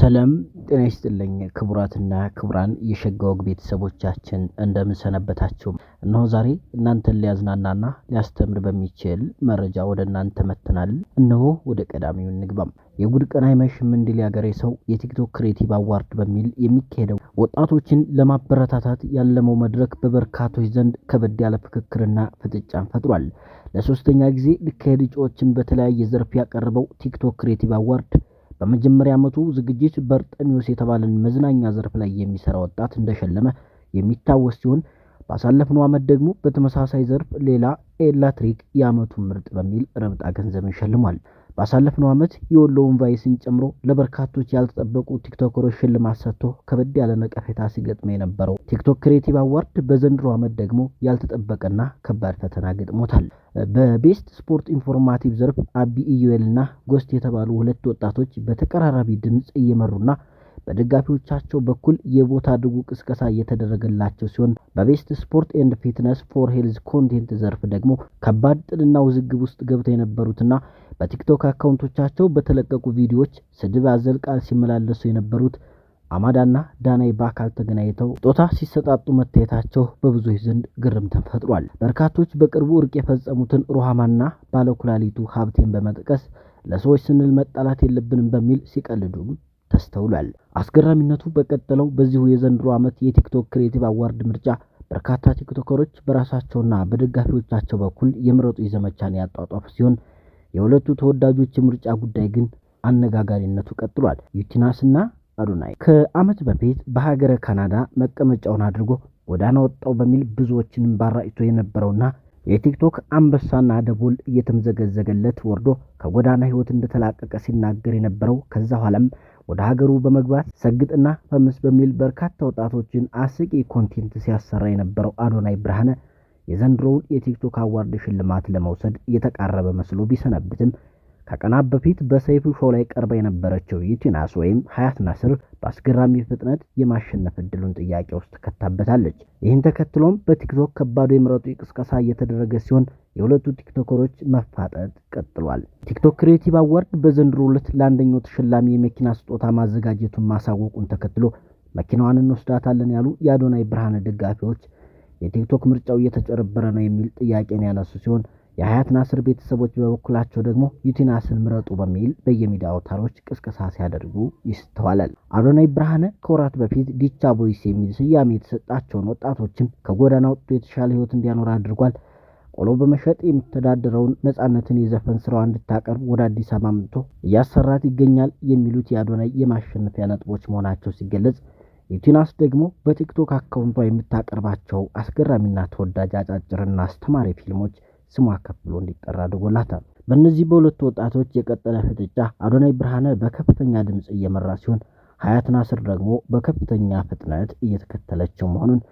ሰላም ጤና ይስጥልኝ ክቡራትና ክቡራን የሸጋ ወግ ቤተሰቦቻችን እንደምንሰነበታችሁ። እነሆ ዛሬ እናንተን ሊያዝናናና ሊያስተምር በሚችል መረጃ ወደ እናንተ መጥተናል። እነሆ ወደ ቀዳሚው እንግባም። የጉድ ቀን አይመሽም እንዲል ያገሬ ሰው የቲክቶክ ክሬቲቭ አዋርድ በሚል የሚካሄደው ወጣቶችን ለማበረታታት ያለመው መድረክ በበርካቶች ዘንድ ከበድ ያለ ፍክክርና ፍጥጫን ፈጥሯል። ለሶስተኛ ጊዜ ሊካሄድ እጩዎችን በተለያየ ዘርፍ ያቀረበው ቲክቶክ ክሬቲቭ አዋርድ በመጀመሪያ ዓመቱ ዝግጅት በርጠሚዮስ የተባለን መዝናኛ ዘርፍ ላይ የሚሰራ ወጣት እንደሸለመ የሚታወስ ሲሆን ባሳለፍነው ዓመት ደግሞ በተመሳሳይ ዘርፍ ሌላ ኤላትሪክ የዓመቱ ምርጥ በሚል ረብጣ ገንዘብን ሸልሟል። ባሳለፍነው ዓመት የወሎውን ቫይስን ጨምሮ ለበርካቶች ያልተጠበቁ ቲክቶከሮች ሽልማት ሰጥቶ ከበድ ያለ ነቀፌታ ሲገጥመ የነበረው ቲክቶክ ክሬቲቭ አዋርድ በዘንድሮ ዓመት ደግሞ ያልተጠበቀና ከባድ ፈተና ገጥሞታል። በቤስት ስፖርት ኢንፎርማቲቭ ዘርፍ አቢ ኢዩኤልና ጎስት የተባሉ ሁለት ወጣቶች በተቀራራቢ ድምፅ እየመሩና በደጋፊዎቻቸው በኩል የቦታ አድርጉ ቅስቀሳ እየተደረገላቸው ሲሆን በቤስት ስፖርት ኤንድ ፊትነስ ፎር ሄልዝ ኮንቴንት ዘርፍ ደግሞ ከባድ ጥልና ውዝግብ ውስጥ ገብተው የነበሩትና በቲክቶክ አካውንቶቻቸው በተለቀቁ ቪዲዮዎች ስድብ አዘል ቃል ሲመላለሱ የነበሩት አማዳና ዳናይ በአካል ተገናኝተው ስጦታ ሲሰጣጡ መታየታቸው በብዙዎች ዘንድ ግርም ተፈጥሯል። በርካቶች በቅርቡ እርቅ የፈጸሙትን ሩሃማና ባለኩላሊቱ ሀብቴን በመጥቀስ ለሰዎች ስንል መጣላት የለብንም በሚል ሲቀልዱም ተስተውሏል። አስገራሚነቱ በቀጠለው በዚሁ የዘንድሮ ዓመት የቲክቶክ ክሬቲቭ አዋርድ ምርጫ በርካታ ቲክቶከሮች በራሳቸውና በደጋፊዎቻቸው በኩል የምረጡ ዘመቻን ያጧጧፉ ሲሆን የሁለቱ ተወዳጆች ምርጫ ጉዳይ ግን አነጋጋሪነቱ ቀጥሏል። ዩቲናስና አዶናይ ከዓመት በፊት በሀገረ ካናዳ መቀመጫውን አድርጎ ጎዳና ወጣው በሚል ብዙዎችንም ባራጭቶ የነበረውና የቲክቶክ አንበሳና ደቦል እየተምዘገዘገለት ወርዶ ከጎዳና ህይወት እንደተላቀቀ ሲናገር የነበረው ከዛ ኋላም ወደ ሀገሩ በመግባት ሰግጥና ፈምስ በሚል በርካታ ወጣቶችን አስቂ ኮንቴንት ሲያሰራ የነበረው አዶናይ ብርሃነ የዘንድሮውን የቲክቶክ አዋርድ ሽልማት ለመውሰድ እየተቃረበ መስሎ ቢሰነብትም ከቀናት በፊት በሰይፉ ሾው ላይ ቀርባ የነበረችው ዩቲናስ ወይም ሀያት ናስር በአስገራሚ ፍጥነት የማሸነፍ እድሉን ጥያቄ ውስጥ ትከታበታለች። ይህን ተከትሎም በቲክቶክ ከባዱ የምረጡ ቅስቀሳ እየተደረገ ሲሆን የሁለቱ ቲክቶከሮች መፋጠጥ ቀጥሏል። ቲክቶክ ክሬቲቭ አዋርድ በዘንድሮ ዕለት ለአንደኛው ተሸላሚ የመኪና ስጦታ ማዘጋጀቱን ማሳወቁን ተከትሎ መኪናዋን እንወስዳታለን ያሉ የአዶናይ ብርሃነ ደጋፊዎች የቲክቶክ ምርጫው እየተጨረበረ ነው የሚል ጥያቄን ያነሱ ሲሆን የሀያት ናስር ቤተሰቦች በበኩላቸው ደግሞ ዩቲናስን ምረጡ በሚል በየሚዲያ አውታሮች ቅስቀሳ ሲያደርጉ ይስተዋላል። አዶናይ ብርሃነ ከወራት በፊት ዲቻ ቦይስ የሚል ስያሜ የተሰጣቸውን ወጣቶችን ከጎዳና ወጥቶ የተሻለ ሕይወት እንዲያኖር አድርጓል። ቆሎ በመሸጥ የምተዳደረውን ነጻነትን የዘፈን ስራዋ እንድታቀርብ ወደ አዲስ አበባ ምቶ እያሰራት ይገኛል የሚሉት የአዶናይ የማሸነፊያ ነጥቦች መሆናቸው ሲገለጽ የቲናስ ደግሞ በቲክቶክ አካውንቷ የምታቀርባቸው አስገራሚና ተወዳጅ አጫጭርና አስተማሪ ፊልሞች ስሟ ከፍ ብሎ እንዲጠራ አድርጎላታል። በእነዚህ በሁለቱ ወጣቶች የቀጠለ ፍጥጫ አዶናይ ብርሃነ በከፍተኛ ድምፅ እየመራ ሲሆን፣ ሀያት ናስር ደግሞ በከፍተኛ ፍጥነት እየተከተለችው መሆኑን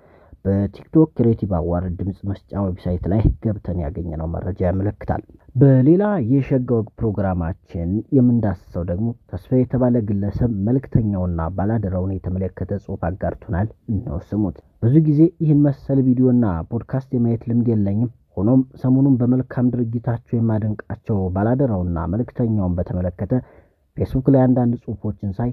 በቲክቶክ ክሬቲቭ አዋርድ ድምፅ መስጫ ዌብሳይት ላይ ገብተን ያገኘነው መረጃ ያመለክታል። በሌላ ወግ ፕሮግራማችን የምንዳስሰው ደግሞ ተስፋ የተባለ ግለሰብ መልእክተኛውና ባላደራውን የተመለከተ ጽሑፍ አጋርቶናል። እነው ስሙት። ብዙ ጊዜ ይህን መሰል ቪዲዮና ፖድካስት የማየት ልምድ የለኝም። ሆኖም ሰሞኑን በመልካም ድርጊታቸው የማደንቃቸው ባላደራውና መልእክተኛውን በተመለከተ ፌስቡክ ላይ አንዳንድ ጽሑፎችን ሳይ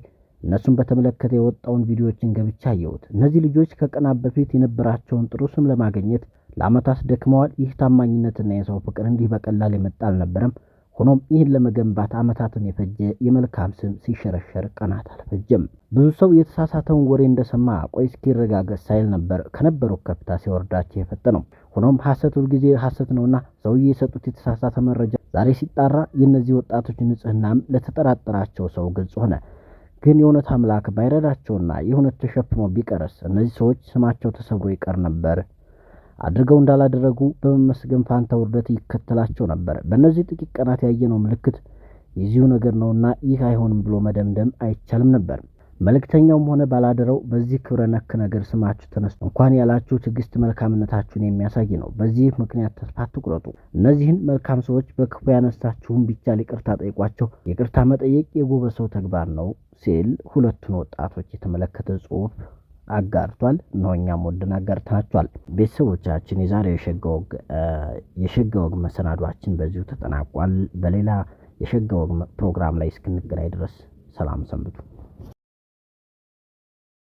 እነሱን በተመለከተ የወጣውን ቪዲዮዎችን ገብቻ አየሁት። እነዚህ ልጆች ከቀናት በፊት የነበራቸውን ጥሩ ስም ለማግኘት ለአመታት ደክመዋል። ይህ ታማኝነትና የሰው ፍቅር እንዲህ በቀላል የመጣ አልነበረም። ሆኖም ይህን ለመገንባት አመታትን የፈጀ የመልካም ስም ሲሸረሸር ቀናት አልፈጀም። ብዙ ሰው የተሳሳተውን ወሬ እንደሰማ ቆይ እስኪረጋገጥ ሳይል ነበር ከነበረው ከፍታ ሲወርዳቸው የፈጠነው። ሆኖም ሐሰት ሁልጊዜ ሐሰት ነውና ሰውዬ የሰጡት የተሳሳተ መረጃ ዛሬ ሲጣራ የእነዚህ ወጣቶች ንጽህናም ለተጠራጠራቸው ሰው ግልጽ ሆነ። ግን የእውነት አምላክ ባይረዳቸውና የእውነት ተሸፍኖ ቢቀርስ እነዚህ ሰዎች ስማቸው ተሰብሮ ይቀር ነበር። አድርገው እንዳላደረጉ በመመስገን ፋንታ ውርደት ይከተላቸው ነበር። በእነዚህ ጥቂት ቀናት ያየነው ምልክት የዚሁ ነገር ነውና ይህ አይሆንም ብሎ መደምደም አይቻልም ነበር። መልእክተኛውም ሆነ ባላደረው በዚህ ክብረ ነክ ነገር ስማችሁ ተነስቶ እንኳን ያላችሁ ትዕግስት መልካምነታችሁን የሚያሳይ ነው። በዚህ ምክንያት ተስፋ አትቁረጡ። እነዚህን መልካም ሰዎች በክፉ ያነሳችሁን ቢቻል ይቅርታ ጠይቋቸው። ይቅርታ መጠየቅ የጎበ ሰው ተግባር ነው ሲል ሁለቱን ወጣቶች የተመለከተ ጽሁፍ አጋርቷል። እነሆ እኛም ወደን አጋርተናቸዋል። ቤተሰቦቻችን የዛሬው የሸጋ ወግ መሰናዷችን በዚሁ ተጠናቋል። በሌላ የሸጋ ወግ ፕሮግራም ላይ እስክንገናኝ ድረስ ሰላም ሰንብቱ።